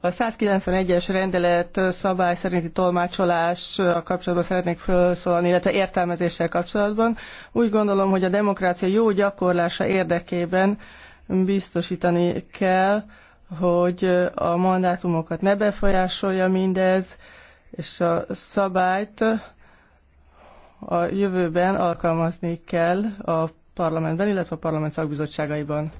A 191-es rendelet szabály szerinti tolmácsolás a kapcsolatban szeretnék felszólalni, illetve értelmezéssel kapcsolatban. Úgy gondolom, hogy a demokrácia jó gyakorlása érdekében biztosítani kell, hogy a mandátumokat ne befolyásolja mindez, és a szabályt a jövőben alkalmazni kell a parlamentben, illetve a parlament szakbizottságaiban.